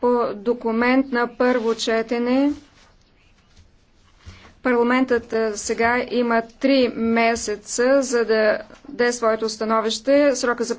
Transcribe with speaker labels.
Speaker 1: по документ на първо четене. Парламентът е, сега има три месеца, за да даде своето
Speaker 2: становище. Срока за